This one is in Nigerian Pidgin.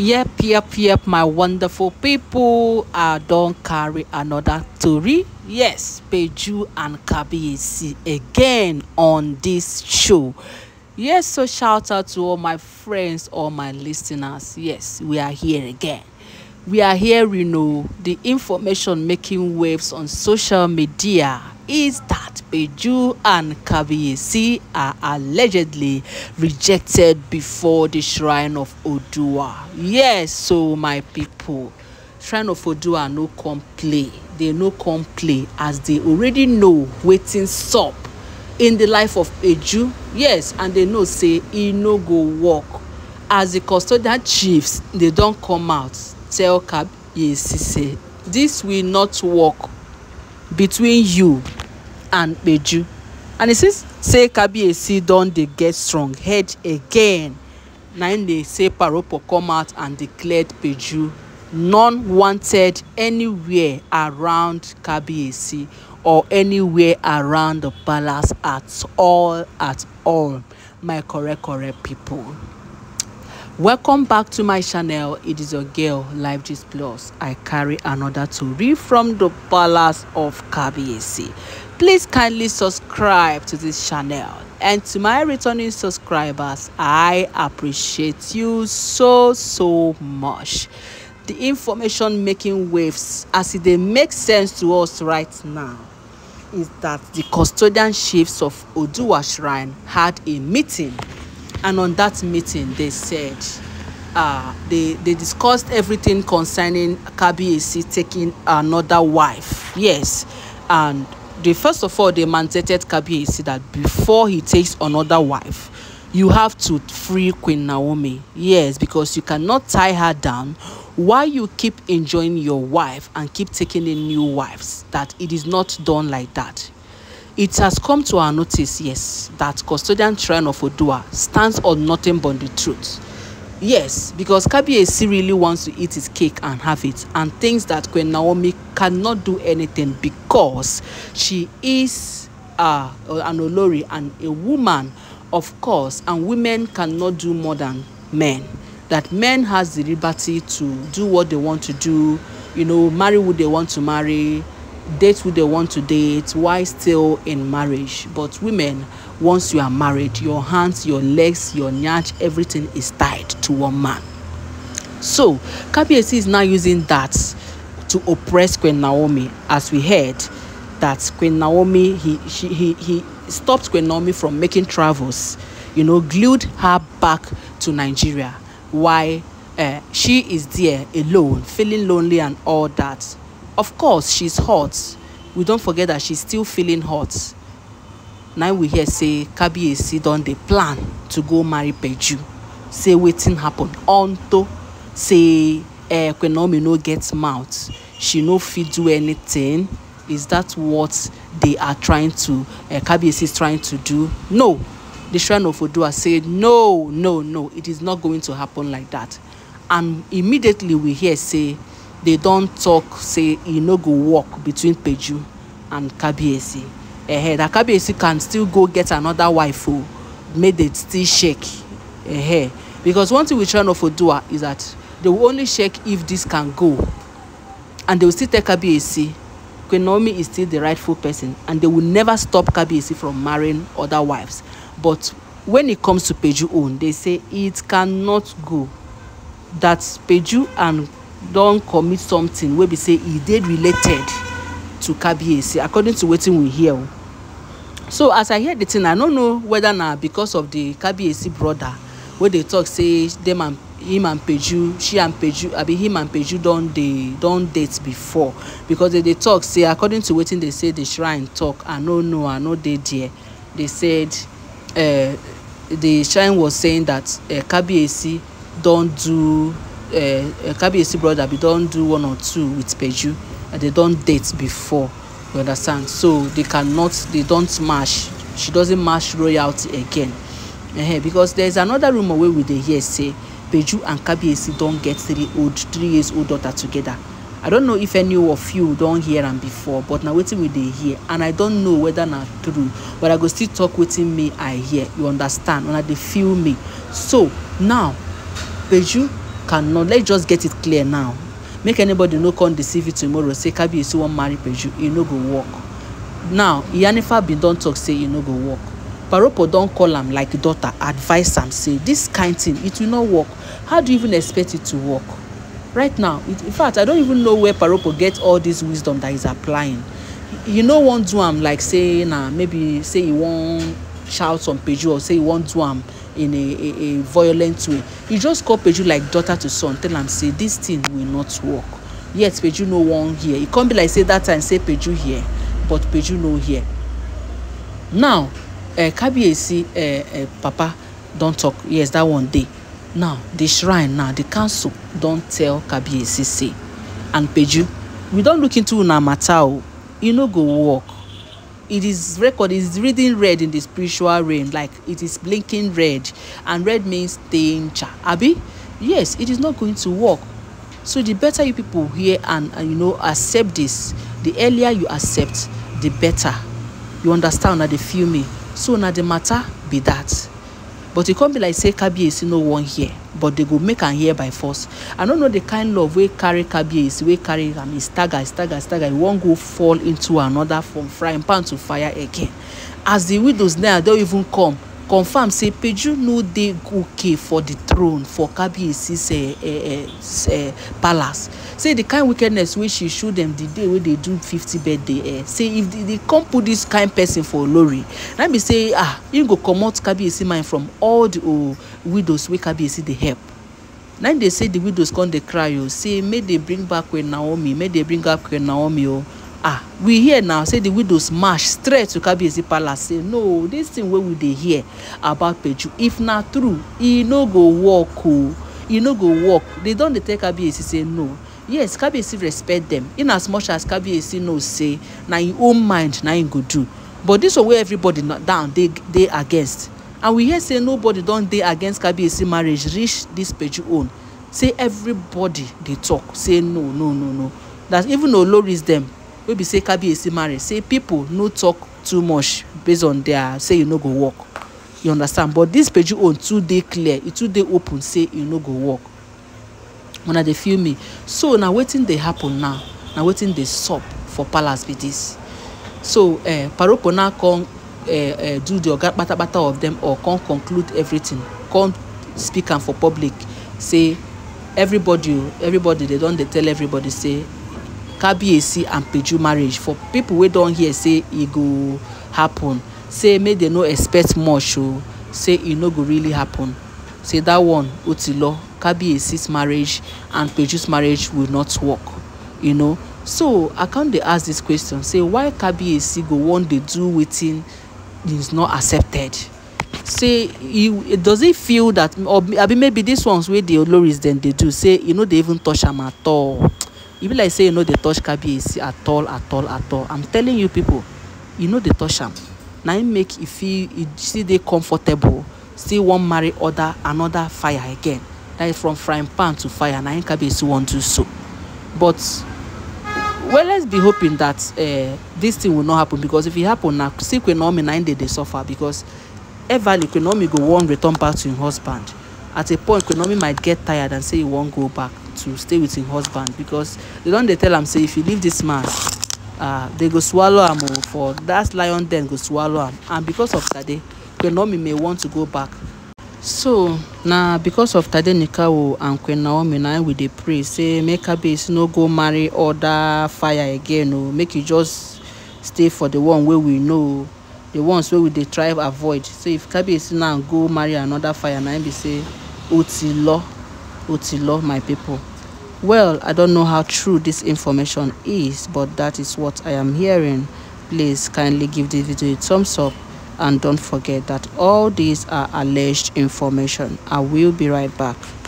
Yep, yep, yep, my wonderful people. I don't carry another story. Yes, Peju and Kabiyesi again on this show. Yes, so shout out to all my friends, all my listeners. Yes, we are here again. We are here, you know, the information making waves on social media is that Peju and Kabiyesi are allegedly rejected before the shrine of Odua? Yes, so my people, shrine of Odua no complain. They no complain as they already know waiting sup in the life of Peju. Yes, and they know say he no go walk As the custodian chiefs, they don't come out tell Kabiyesi say this will not work between you and gbeju and e see say kabiyesi don dey get strong head again na im dey say paropo come out and declare gbeju non wanted anywhere around kabiyesi or anywhere around the palace at all at all my correct correct people welcome back to my channel it is your girl life gist plus i carry another tori from the palace of kabiyesi Please kindly subscribe to this channel. And to my returning subscribers, I appreciate you so, so much. The information making waves as it makes sense to us right now is that the custodian chiefs of Oduwa Shrine had a meeting. And on that meeting, they said, uh, they, they discussed everything concerning Kabiesi taking another wife. Yes. And The first of all the mandated kabiyesi that before he takes another wife you have to free queen naomi yes because you cannot tie her down why you keep enjoying your wife and keep taking in new wives that it is not done like that it has come to our notice yes that custodian trial of odua stands on nothing but the truth Yes, because Kabiesi really wants to eat his cake and have it, and thinks that Queen Naomi cannot do anything because she is uh, an Olori and a woman, of course, and women cannot do more than men. That men has the liberty to do what they want to do, you know, marry who they want to marry, date who they want to date, why still in marriage? But women once you are married, your hands, your legs, your nyaj, everything is tied to one man. So, Kabiesi is now using that to oppress Queen Naomi, as we heard that Queen Naomi, he, she, he, he stopped Queen Naomi from making travels, you know, glued her back to Nigeria. Why? Uh, she is there alone, feeling lonely and all that. Of course, she's hot. We don't forget that she's still feeling hot na we hear say kabiyesi don dey plan to go marry peju say wetin happen unto say eh, kwenomi no get mouth she no fit do anything is that what they are trying to uh, eh, kabiyesi is trying to do no the shrine of odua say no no no it is not going to happen like that and immediately we hear say they don talk say e no go work between peju and kabiyesi uh, that kabiyesi can still go get another wife o may they still shake uh, because one thing we with children of Odua is that they will only shake if this can go and they will still take kabiyesi Queen Naomi is still the rightful person and they will never stop kabiyesi from marrying other wives but when it comes to peju own they say it cannot go that peju and don commit something wey be say e dey related to kabiyesi according to wetin we hear o so as i hear the thing i no know whether na because of the kabiyesi brother wey dey talk say dem and him and peju she and peju abi him and peju don dey don date before because they dey talk say according to wetin they say the shrine talk i no know i no dey there they said uh, the shrine was saying that uh, kabiyesi don do uh, uh, kabiyesi brother bin don do one or two with peju and they don date before you understand so they cannot they don't match she doesn't match royalty again uh-huh. because there's another rumor wey we dey hear say peju and kabiyesi don get three old three years old daughter together i don't know if any of you don hear am before but na wetin we dey hear and i don know whether na true but i go still talk wetin me i hear you understand una dey feel me so now peju cannot let's just get it clear now make anybody no come deceive you tomorrow say kabiyesi wan marry peju e no go work now iyanifa bin don talk say e no go work Paropo don call am like daughter advise am say this kind thing it will not work how do you even expect it to work right now it, in fact i don't even know where Paropo get all this wisdom that he's applying you no wan do am like say na maybe say you wan shout on peju or say you wan do am in a, a, a violent way you just call peju like daughter to son tell am say this thing will not work yet peju no wan hear e come be like say that time say peju hear but peju no hear now uh, eh, kabiyesi uh, uh, eh, papa don talk yes that one dey now the shrine now the council don tell kabiyesi say and peju we don look into una matter o e no go work it is record is reading red in the spiritual realm like it is blinking red and red means danger abi yes it is not going to work so the better you people hear and, and you know accept this the earlier you accept the better you understand na dey feel me so na the matter be that but e come be like say kabiyesi no wan hear but they go make am hear by force i no know the kind love wey carry kabiyesi wey carry am e stagger stagger stagger e wan go fall into another from frying pan to fire again as the widows now don even come confam say peju no dey okay for di throne for kabiyesi's uh, eh, uh, eh, uh, eh, palace say the kind wickedness wey she show dem the day wey dey do fifty birthday eh say if they come put this kind person for lorry. na be say ah im go comot kabiyesi mind from all the oh, widows wey kabiyesi dey help na dey say the widows come dey cry o oh, say make dey bring back queen naomi make dey bring back queen naomi o oh. ah we hear now say the widows march straight to kabiyesi palace say no this thing wey we dey hear about peju if na true e no go work o oh. e no go work they don dey tell kabiyesi say no yes kabiyesi respect dem in as much as kabiyesi know say na im own mind na im go do but dis one wey everybody down dey dey against and we hear say nobody don dey against kabiyesi marriage reach dis peju own say everybody dey talk say no no no no that even oloris dem wey be say kabiyesi marriage say people no talk too much based on their say e no go work you understand but dis peju own too dey clear e too dey open say e no go work una dey feel me so na wetin dey happen now na wetin dey sup for palace be this so eh, paroko now come eh, eh, do the oga kpatakpata of them all come conclude everything come speak am for public say everybody everybody dey don dey tell everybody say kabiyesi and peju marriage for people wey don hear say e go happen say make dem no expect much o say e no go really happen say that one o Kabiyesi's marriage and produce marriage will not work. You know, so I Akande dey ask this question say why Kabiyesi go wan dey do wetin is not accepted say he does it feel that or abi maybe this ones wey the oloris dem dey do say e no dey even touch am at all e be like say e no dey touch kabiyesi at all at all at all i'm telling you people e no dey touch am na im make e feel e still dey comfortable still wan marry other another fire again that is from frying pan to fire think im cabbage wan do so but well let's be hoping that uh, this thing will not happen because if it happen now see, queen naomi nine day they suffer because everly queen naomi go won't return back to her husband at a point queen naomi might get tired and say won't go back to stay with his husband because they don't they tell him say if you leave this man uh, they go swallow him oh, for that lion then go swallow him, and because of sade queen naomi may want to go back so na because of tadenikawo and queen naomi na we dey pray say make kabiyesi no go marry other fire again o oh. make e just stay for the one wey we know the ones wey we dey try avoid so if kabiyesi now go marry another fire na im be say o ti lọ o my people well i don't know how true this information is but that is what i am hearing please kindly give this video a thumbs up and don't forget that all these are alleged information i will be right back